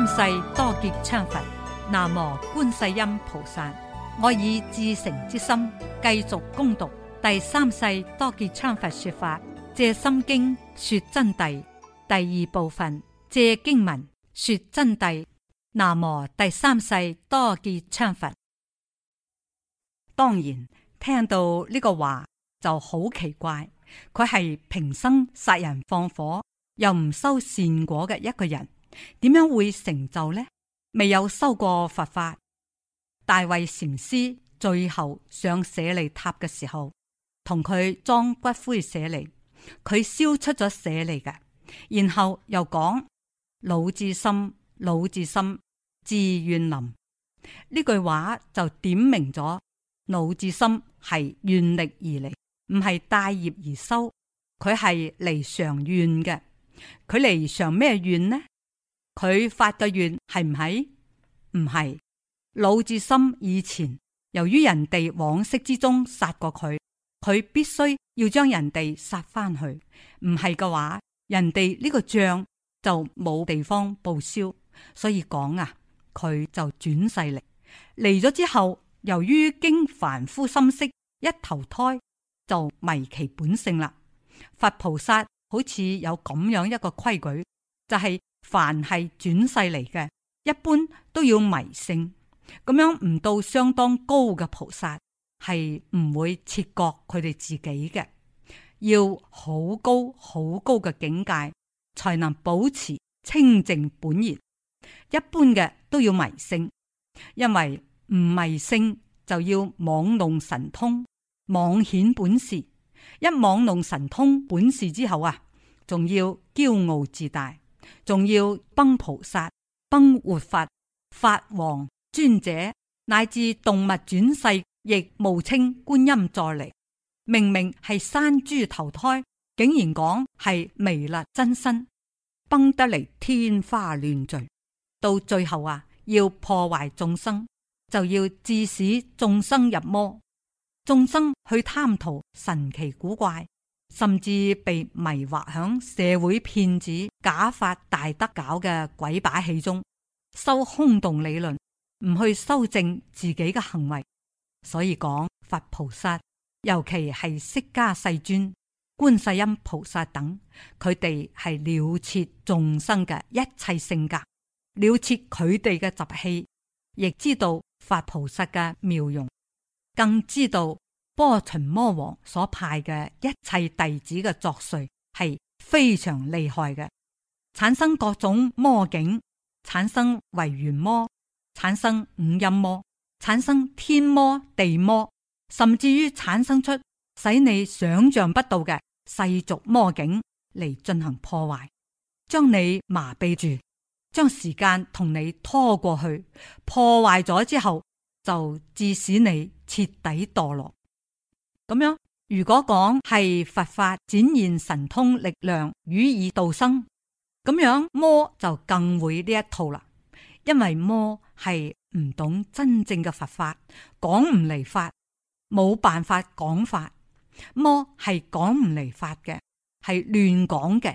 三世多杰羌佛，南無觀世音菩薩。我以至誠之心，繼續恭讀第三世多杰羌佛說法《藉心經》說真諦第二部分《藉經文說真諦》，南無第三世多杰羌佛。當然聽到呢個話就好奇怪，佢係平生殺人放火又唔收善果嘅一個人。點樣會成就呢？未有修過佛法，大慧禪師最後上舍利塔嘅時候，同佢裝骨灰舍利，佢燒出咗舍利嘅，然後又講魯智深，魯智深，自願林呢句話就點明咗魯智深係願力而嚟，唔係帶業而收，佢係嚟常願嘅，佢嚟常咩願呢？佢發嘅願係唔係？唔係，魯智深以前由於人哋往昔之中殺過佢，佢必須要將人哋殺翻去。唔係嘅話，人哋呢個賬就冇地方報銷。所以講啊，佢就轉世嚟。嚟咗之後，由於經凡夫心識，一投胎就迷其本性啦。佛菩薩好似有咁樣一個規矩，就係、是。凡係轉世嚟嘅，一般都要迷性咁樣，唔到相當高嘅菩薩係唔會切割佢哋自己嘅。要好高好高嘅境界，才能保持清淨本然。一般嘅都要迷性，因為唔迷性就要妄弄神通，妄顯本事。一妄弄神通本事之後啊，仲要驕傲自大。仲要崩菩薩、崩活佛、法王尊者，乃至動物轉世，亦冒稱觀音再嚟。明明係山豬投胎，竟然講係彌勒真身，崩得嚟天花亂墜。到最後啊，要破壞眾生，就要致使眾生入魔，眾生去貪圖神奇古怪。甚至被迷惑響社會騙子假法大德搞嘅鬼把戲中，修空洞理論，唔去修正自己嘅行為。所以講，佛菩薩尤其係釋迦世尊、觀世音菩薩等，佢哋係了徹眾生嘅一切性格，了徹佢哋嘅習氣，亦知道佛菩薩嘅妙用，更知道。波旬魔王所派嘅一切弟子嘅作祟係非常厲害嘅，產生各種魔境，產生違緣魔，產生五陰魔，產生天魔地魔，甚至於產生出使你想象不到嘅世俗魔境嚟進行破壞，將你麻痹住，將時間同你拖過去，破壞咗之後就致使你徹底墮落。咁樣，如果講係佛法展現神通力量，予以度生，咁樣魔就更會呢一套啦。因為魔係唔懂真正嘅佛法，講唔嚟法，冇辦法講法。魔係講唔嚟法嘅，係亂講嘅，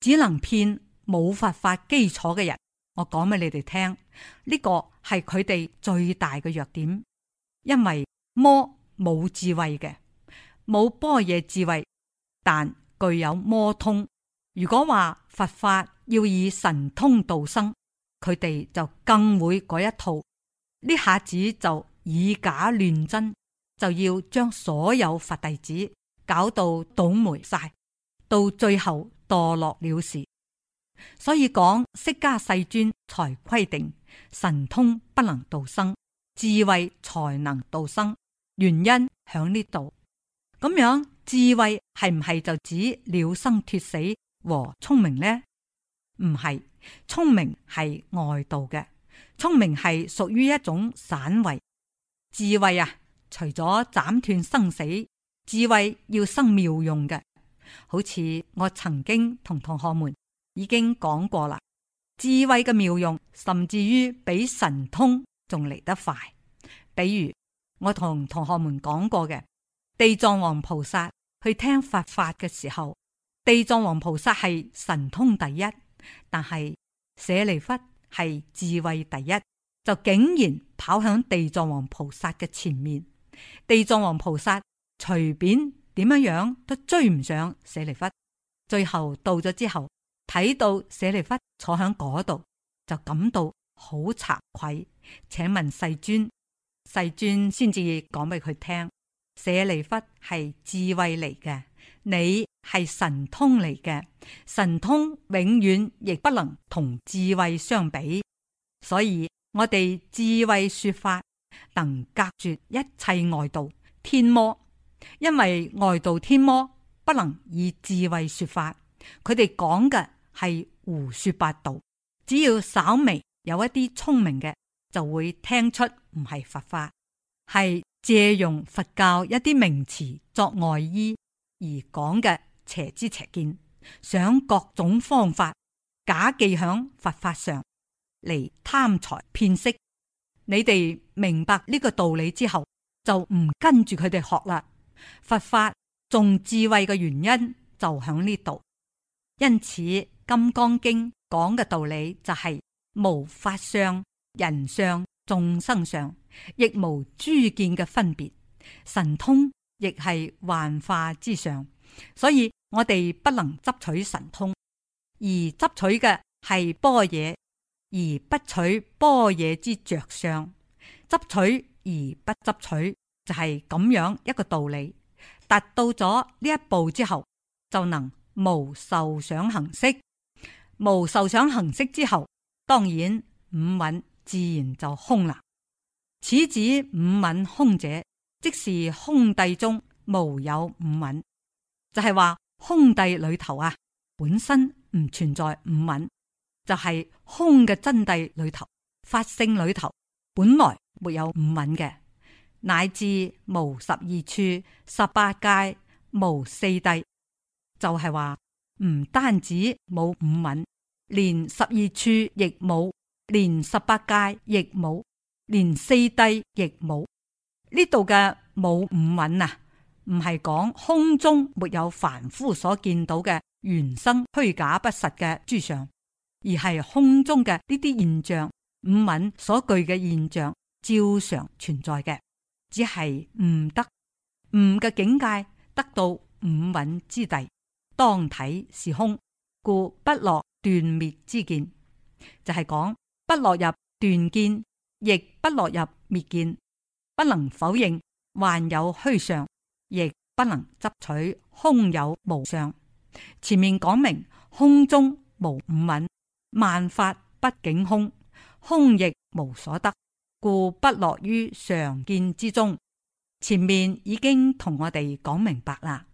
只能騙冇佛法基礎嘅人。我講俾你哋聽，呢、這個係佢哋最大嘅弱點，因為魔冇智慧嘅。冇般若智慧，但具有魔通。如果話佛法要以神通道生，佢哋就更會嗰一套。呢下子就以假亂真，就要將所有佛弟子搞到倒霉晒。到最後墮落了事。所以講釋迦世尊才規定神通不能道生，智慧才能道生。原因響呢度。咁樣智慧係唔係就指了生脫死和聰明呢？唔係，聰明係外道嘅，聰明係屬於一種散慧。智慧啊，除咗斬斷生死，智慧要生妙用嘅。好似我曾經同同學們已經講過啦，智慧嘅妙用甚至於比神通仲嚟得快。比如我同同學們講過嘅。地藏王菩薩去聽佛法嘅時候，地藏王菩薩係神通第一，但係舍利弗係智慧第一，就竟然跑響地藏王菩薩嘅前面。地藏王菩薩隨便點樣樣都追唔上舍利弗，最後到咗之後，睇到舍利弗坐響嗰度，就感到好慚愧。請問世尊，世尊先至講俾佢聽。舍利弗係智慧嚟嘅，你係神通嚟嘅，神通永遠亦不能同智慧相比，所以我哋智慧說法能隔絕一切外道天魔，因為外道天魔不能以智慧說法，佢哋講嘅係胡說八道，只要稍微有一啲聰明嘅，就會聽出唔係佛法係借用佛教一啲名詞作外衣而講嘅邪知邪見，想各種方法假記響佛法上嚟貪財騙色。你哋明白呢個道理之後，就唔跟住佢哋學啦。佛法重智慧嘅原因就響呢度。因此《金剛經》講嘅道理就係、是、無法相人相眾生相。亦無諸見嘅分別，神通亦係幻化之上，所以我哋不能執取神通，而執取嘅係般若，而不取般若之着相，執取而不執取就係咁樣一個道理。達到咗呢一步之後，就能無受想行識，無受想行識之後，當然五蘊自然就空啦。此指五蘊空者，即是空諦中無有五蘊，就係、是、話空諦裏頭啊，本身唔存在五蘊，就係、是、空嘅真諦裏頭、法性裏頭，本來沒有五蘊嘅，乃至無十二處、十八界、無四諦，就係話唔單止冇五蘊，連十二處亦冇，連十八界亦冇。連四諦亦冇，呢度嘅冇五蘊啊，唔係講空中沒有凡夫所見到嘅原生虛假不實嘅諸相，而係空中嘅呢啲現象五蘊所具嘅現象照常存在嘅，只係悟得悟嘅境界得到五蘊之地，當體是空，故不落斷滅之見，就係、是、講不落入斷見。亦不落入滅見，不能否認還有虛相，亦不能執取空有無相。前面講明空中無五蘊，萬法畢竟空，空亦無所得，故不落於常見之中。前面已經同我哋講明白啦，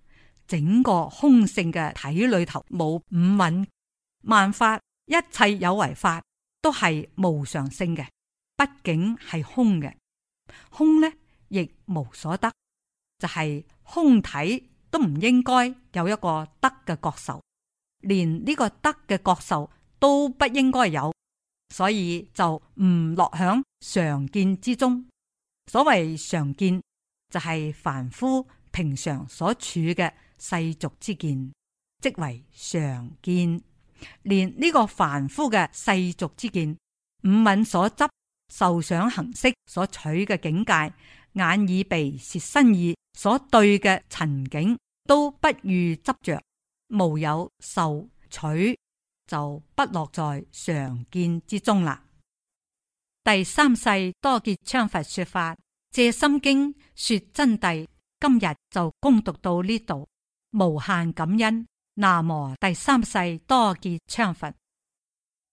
整個空性嘅體裏頭冇五蘊，萬法一切有為法都係無常性嘅。畢竟係空嘅，空呢亦無所得，就係、是、空體都唔應該有一個得嘅覺受，連呢個得嘅覺受都不應該有，所以就唔落響常見之中。所謂常見，就係、是、凡夫平常所處嘅世俗之見，即為常見。連呢個凡夫嘅世俗之見，五蘊所執。受想行識所取嘅境界，眼耳鼻舌身意所對嘅塵境都不予執著，無有受取，就不落在常見之中啦。第三世多杰羌佛說法《藉心經》說真諦，今日就攻讀到呢度，無限感恩。南無第三世多杰羌佛。